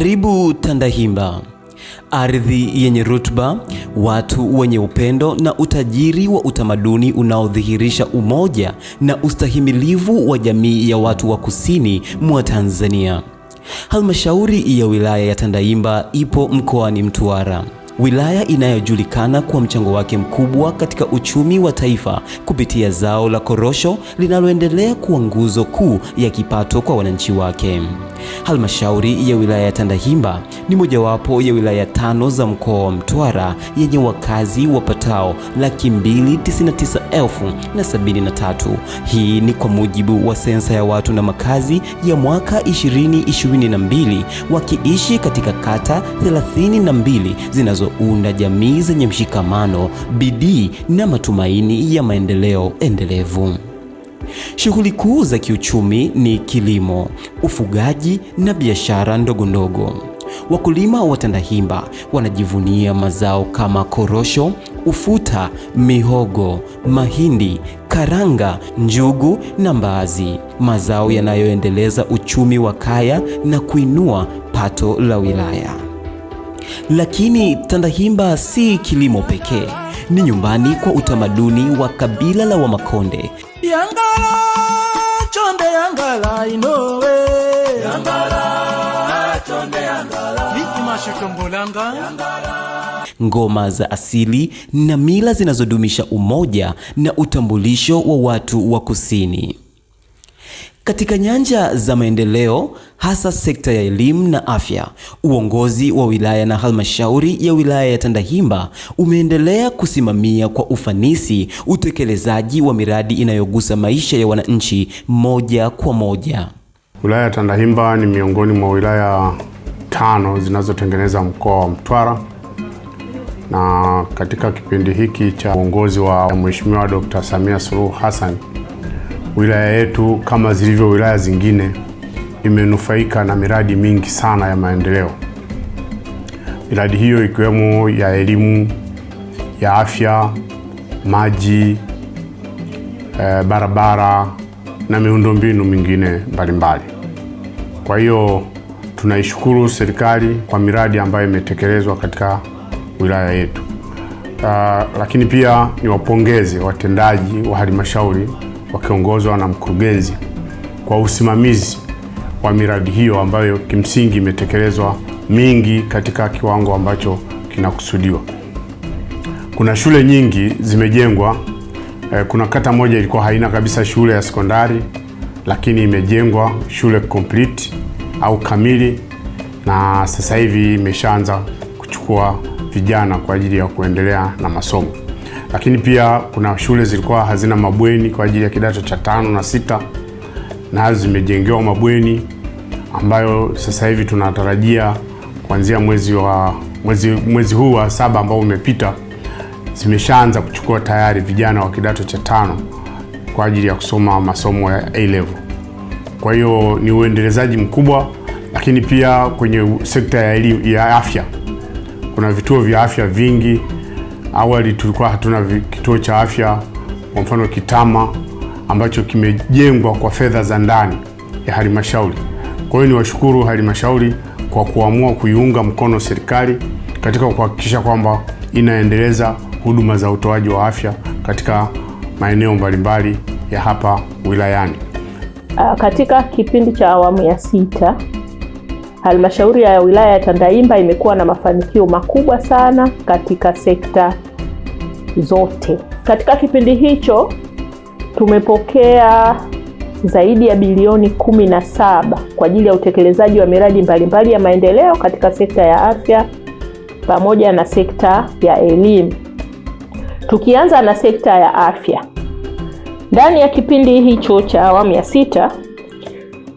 Karibu Tandahimba, ardhi yenye rutuba, watu wenye upendo na utajiri wa utamaduni unaodhihirisha umoja na ustahimilivu wa jamii ya watu wa kusini mwa Tanzania. Halmashauri ya wilaya ya Tandahimba ipo mkoani Mtwara, wilaya inayojulikana kwa mchango wake mkubwa katika uchumi wa taifa kupitia zao la korosho linaloendelea kuwa nguzo kuu ya kipato kwa wananchi wake. Halmashauri ya wilaya ya Tandahimba ni mojawapo ya wilaya tano za mkoa wa Mtwara yenye wakazi wapatao laki mbili tisini na tisa elfu na sabini na tatu. Hii ni kwa mujibu wa sensa ya watu na makazi ya mwaka 2022 wakiishi katika kata 32 zinazounda jamii zenye mshikamano, bidii na matumaini ya maendeleo endelevu. Shughuli kuu za kiuchumi ni kilimo, ufugaji na biashara ndogondogo. Wakulima wa Tandahimba wanajivunia mazao kama korosho, ufuta, mihogo, mahindi, karanga, njugu na mbaazi, mazao yanayoendeleza uchumi wa kaya na kuinua pato la wilaya. Lakini Tandahimba si kilimo pekee, ni nyumbani kwa utamaduni wa kabila la Wamakonde yangala chonde yangala inowe yangala chonde yangala vikimashotombolanga yangala ngoma za asili na mila zinazodumisha umoja na utambulisho wa watu wa Kusini. Katika nyanja za maendeleo, hasa sekta ya elimu na afya. Uongozi wa wilaya na halmashauri ya wilaya ya Tandahimba umeendelea kusimamia kwa ufanisi utekelezaji wa miradi inayogusa maisha ya wananchi moja kwa moja. Wilaya ya Tandahimba ni miongoni mwa wilaya tano zinazotengeneza mkoa wa Mtwara na katika kipindi hiki cha uongozi wa Mheshimiwa Dr. Samia Suluhu Hassan wilaya yetu kama zilivyo wilaya zingine imenufaika na miradi mingi sana ya maendeleo. Miradi hiyo ikiwemo ya elimu, ya afya, maji, e, barabara na miundombinu mingine mbalimbali. Kwa hiyo tunaishukuru serikali kwa miradi ambayo imetekelezwa katika wilaya yetu. Uh, lakini pia niwapongeze watendaji wa halmashauri wakiongozwa na mkurugenzi kwa usimamizi wa miradi hiyo ambayo kimsingi imetekelezwa mingi katika kiwango ambacho kinakusudiwa. Kuna shule nyingi zimejengwa. Eh, kuna kata moja ilikuwa haina kabisa shule ya sekondari, lakini imejengwa shule complete au kamili, na sasa hivi imeshaanza kuchukua vijana kwa ajili ya kuendelea na masomo. Lakini pia kuna shule zilikuwa hazina mabweni kwa ajili ya kidato cha tano na sita na zimejengewa mabweni ambayo sasa hivi tunatarajia kuanzia mwezi wa mwezi, mwezi huu wa saba ambao umepita zimeshaanza kuchukua tayari vijana wa kidato cha tano kwa ajili ya kusoma masomo ya A level. Kwa hiyo ni uendelezaji mkubwa, lakini pia kwenye sekta ya, ya afya kuna vituo vya afya vingi. Awali tulikuwa hatuna kituo cha afya, kwa mfano Kitama ambacho kimejengwa kwa fedha za ndani ya halmashauri. Kwa hiyo niwashukuru halmashauri kwa kuamua kuiunga mkono serikali katika kuhakikisha kwamba inaendeleza huduma za utoaji wa afya katika maeneo mbalimbali ya hapa wilayani. Ah, katika kipindi cha awamu ya sita, halmashauri ya wilaya ya Tandaimba imekuwa na mafanikio makubwa sana katika sekta zote. Katika kipindi hicho tumepokea zaidi ya bilioni kumi na saba kwa ajili ya utekelezaji wa miradi mbalimbali ya maendeleo katika sekta ya afya pamoja na sekta ya elimu. Tukianza na sekta ya afya, ndani ya kipindi hicho cha awamu ya sita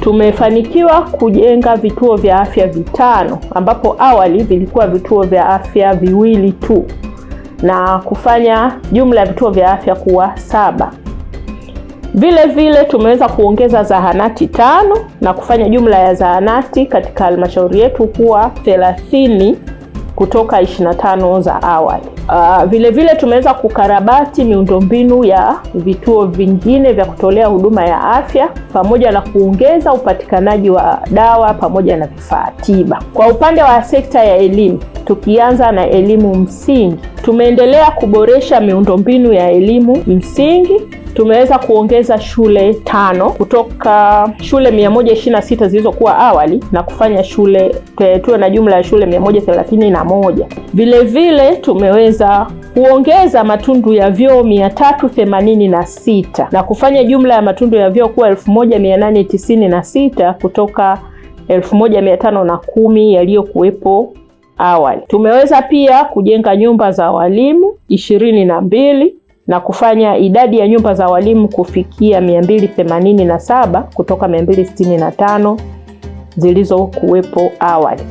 tumefanikiwa kujenga vituo vya afya vitano ambapo awali vilikuwa vituo vya afya viwili tu na kufanya jumla ya vituo vya afya kuwa saba. Vile vile tumeweza kuongeza zahanati tano na kufanya jumla ya zahanati katika halmashauri yetu kuwa 30 kutoka 25 za awali. Uh, vile vile tumeweza kukarabati miundombinu ya vituo vingine vya kutolea huduma ya afya pamoja na kuongeza upatikanaji wa dawa pamoja na vifaa tiba. Kwa upande wa sekta ya elimu, tukianza na elimu msingi, tumeendelea kuboresha miundombinu ya elimu msingi tumeweza kuongeza shule tano kutoka shule 126 zilizokuwa awali na kufanya shule tuwe na jumla ya shule 131. Vilevile tumeweza kuongeza matundu ya vyoo 386 na, kufanya jumla ya matundu ya vyoo kuwa 1896 kutoka 1510 yaliyokuwepo awali. Tumeweza pia kujenga nyumba za walimu ishirini na mbili na kufanya idadi ya nyumba za walimu kufikia 287 kutoka 265 zilizokuwepo awali.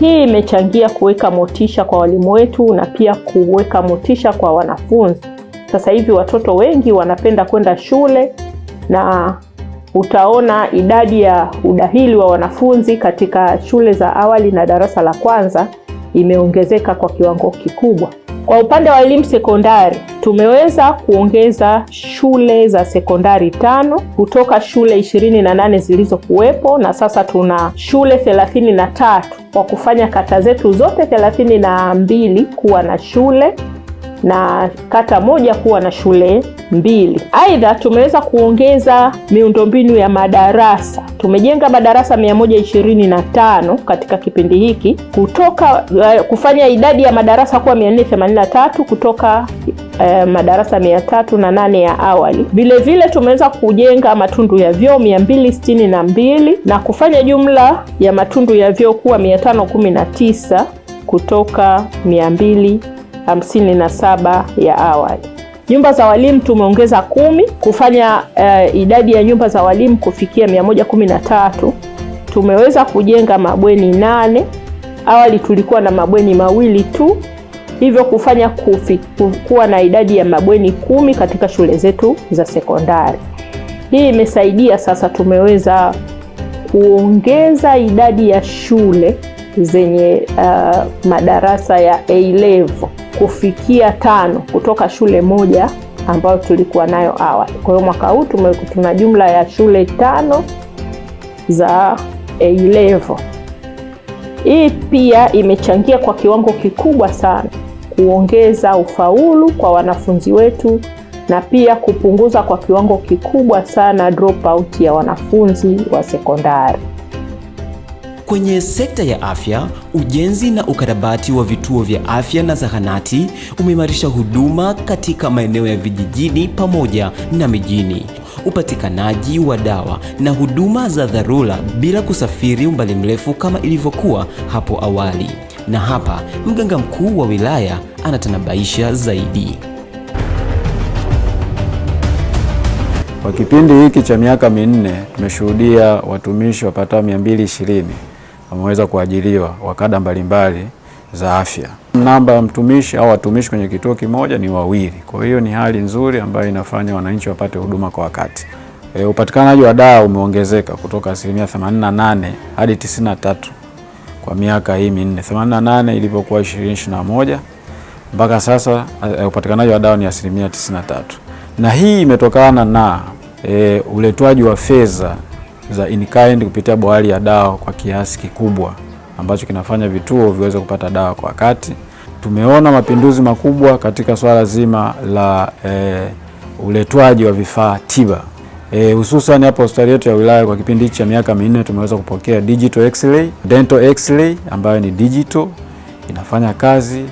Hii imechangia kuweka motisha kwa walimu wetu na pia kuweka motisha kwa wanafunzi. Sasa hivi watoto wengi wanapenda kwenda shule na utaona idadi ya udahili wa wanafunzi katika shule za awali na darasa la kwanza imeongezeka kwa kiwango kikubwa. Kwa upande wa elimu sekondari tumeweza kuongeza shule za sekondari tano kutoka shule 28 zilizokuwepo na sasa tuna shule 33 kwa kufanya kata zetu zote 32 kuwa na shule na kata moja kuwa na shule mbili. Aidha, tumeweza kuongeza miundombinu ya madarasa. Tumejenga madarasa 125 katika kipindi hiki kutoka uh, kufanya idadi ya madarasa kuwa 483 kutoka uh, madarasa 308 ya awali. Vilevile tumeweza kujenga matundu ya vyoo 262 na kufanya jumla ya matundu ya vyoo kuwa 519 kutoka 57 ya awali. Nyumba za walimu tumeongeza kumi kufanya uh, idadi ya nyumba za walimu kufikia 113. Tumeweza kujenga mabweni nane. Awali tulikuwa na mabweni mawili tu, hivyo kufanya kufi, kuwa na idadi ya mabweni kumi katika shule zetu za sekondari. Hii imesaidia sasa, tumeweza kuongeza idadi ya shule zenye uh, madarasa ya A level kufikia tano kutoka shule moja ambayo tulikuwa nayo awali. Kwa hiyo mwaka huu tuna jumla ya shule tano za A level. Hii pia imechangia kwa kiwango kikubwa sana kuongeza ufaulu kwa wanafunzi wetu na pia kupunguza kwa kiwango kikubwa sana dropout ya wanafunzi wa sekondari kwenye sekta ya afya, ujenzi na ukarabati wa vituo vya afya na zahanati umeimarisha huduma katika maeneo ya vijijini pamoja na mijini. Upatikanaji wa dawa na huduma za dharura bila kusafiri umbali mrefu kama ilivyokuwa hapo awali. Na hapa mganga mkuu wa wilaya anatanabaisha zaidi. Kwa kipindi hiki cha miaka minne tumeshuhudia watumishi wapatao 220 wameweza kuajiriwa wakada mbalimbali mbalimbali za afya. Namba ya mtumishi au watumishi kwenye kituo kimoja ni wawili, kwa hiyo ni hali nzuri ambayo inafanya wananchi wapate huduma kwa wakati. E, upatikanaji wa dawa umeongezeka kutoka asilimia 88 hadi 93 kwa miaka hii minne. 88 ilivyokuwa 2021 mpaka sasa e, upatikanaji wa dawa ni asilimia 93, na hii imetokana na e, uletwaji wa fedha za in-kind kupitia bohari ya dawa kwa kiasi kikubwa ambacho kinafanya vituo viweze kupata dawa kwa wakati. Tumeona mapinduzi makubwa katika swala zima la e, uletwaji wa vifaa tiba eh, hususan e, hapa hospitali yetu ya wilaya kwa kipindi cha miaka minne tumeweza kupokea digital x-ray, dental x-ray ambayo ni digital inafanya kazi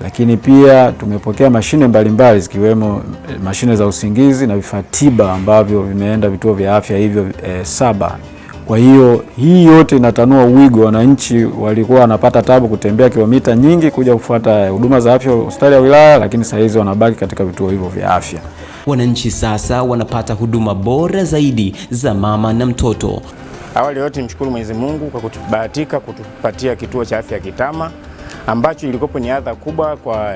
lakini pia tumepokea mashine mbalimbali zikiwemo eh, mashine za usingizi na vifaa tiba ambavyo vimeenda vituo vya afya hivyo e, saba. Kwa hiyo hii yote inatanua wigo. Wananchi walikuwa wanapata tabu kutembea kilomita nyingi kuja kufuata eh, huduma za afya hospitali ya wilaya, lakini saa hizi wanabaki katika vituo hivyo vya afya. Wananchi sasa wanapata huduma bora zaidi za mama na mtoto. Awali yote, mshukuru Mwenyezi Mungu kwa kutubahatika kutupatia kituo cha afya Kitama ambacho ilikopo ni adha kubwa kwa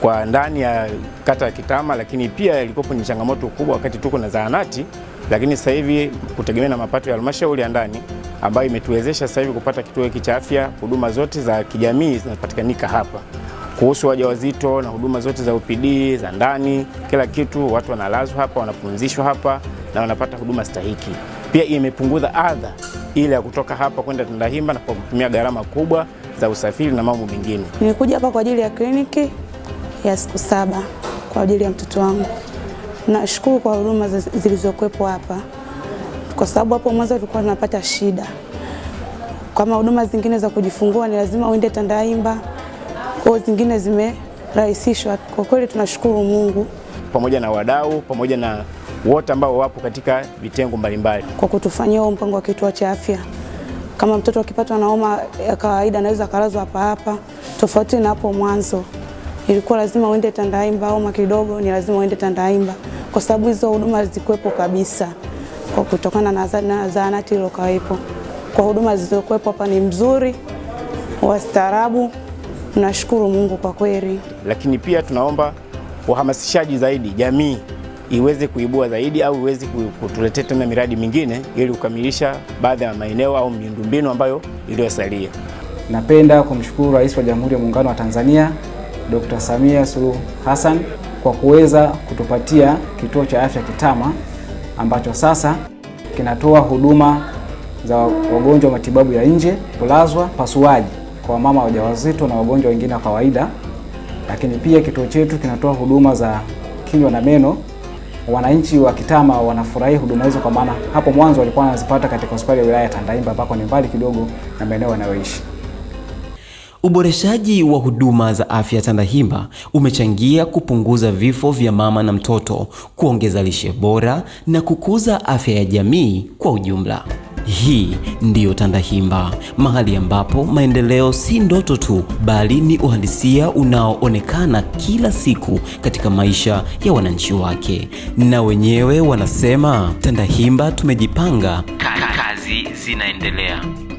kwa ndani ya kata ya Kitama, lakini pia ilikopo ni changamoto kubwa wakati tuko na zahanati, lakini sasa hivi kutegemea na mapato ya halmashauri ya ndani ambayo imetuwezesha sasa hivi kupata kituo hiki cha afya, huduma zote za kijamii zinapatikanika hapa kuhusu wajawazito na huduma zote za UPD za ndani, kila kitu. Watu wanalazwa hapa, wanapumzishwa hapa na wanapata huduma stahiki. Pia imepunguza adha ile ya kutoka hapa kwenda Tandahimba na kwa kutumia gharama kubwa za usafiri na mambo mengine. Nimekuja hapa kwa ajili ya kliniki ya siku saba kwa ajili ya mtoto wangu. Nashukuru kwa huduma zilizokuwepo hapa, kwa sababu hapo mwanzo tulikuwa tunapata shida. Kama huduma zingine za kujifungua ni lazima uende Tandahimba, kwa zingine zimerahisishwa. Kwa kweli tunashukuru Mungu pamoja na wadau pamoja na wote ambao wapo katika vitengo mbalimbali kwa kutufanyia huo mpango wa kituo cha afya. Kama mtoto akipatwa na homa ya kawaida anaweza akalazwa hapa hapa, tofauti na hapo mwanzo ilikuwa lazima uende Tandaimba, homa kidogo ni lazima uende Tandaimba, kwa sababu hizo huduma zikuwepo kabisa, kwa kutokana na zahanati iliyokuwepo. Kwa huduma zilizokuwepo hapa ni mzuri, wastaarabu, nashukuru Mungu kwa kweli. Lakini pia tunaomba uhamasishaji zaidi jamii iweze kuibua zaidi au iweze kutuletea tena miradi mingine ili kukamilisha baadhi ya maeneo au miundombinu ambayo iliyosalia. Napenda kumshukuru Rais wa Jamhuri ya Muungano wa Tanzania Dr. Samia Suluhu Hassan kwa kuweza kutupatia kituo cha afya Kitama ambacho sasa kinatoa huduma za wagonjwa wa matibabu ya nje, kulazwa, pasuaji kwa mama wajawazito na wagonjwa wengine wa kawaida, lakini pia kituo chetu kinatoa huduma za kinywa na meno wananchi wa Kitama wanafurahi huduma hizo, kwa maana hapo mwanzo walikuwa wanazipata katika hospitali ya wilaya ya Tandaimba ambako ni mbali kidogo na maeneo wanayoishi. Uboreshaji wa huduma za afya Tandahimba umechangia kupunguza vifo vya mama na mtoto, kuongeza lishe bora na kukuza afya ya jamii kwa ujumla. Hii ndiyo Tandahimba, mahali ambapo maendeleo si ndoto tu, bali ni uhalisia unaoonekana kila siku katika maisha ya wananchi wake. Na wenyewe wanasema Tandahimba tumejipanga, kazi zinaendelea.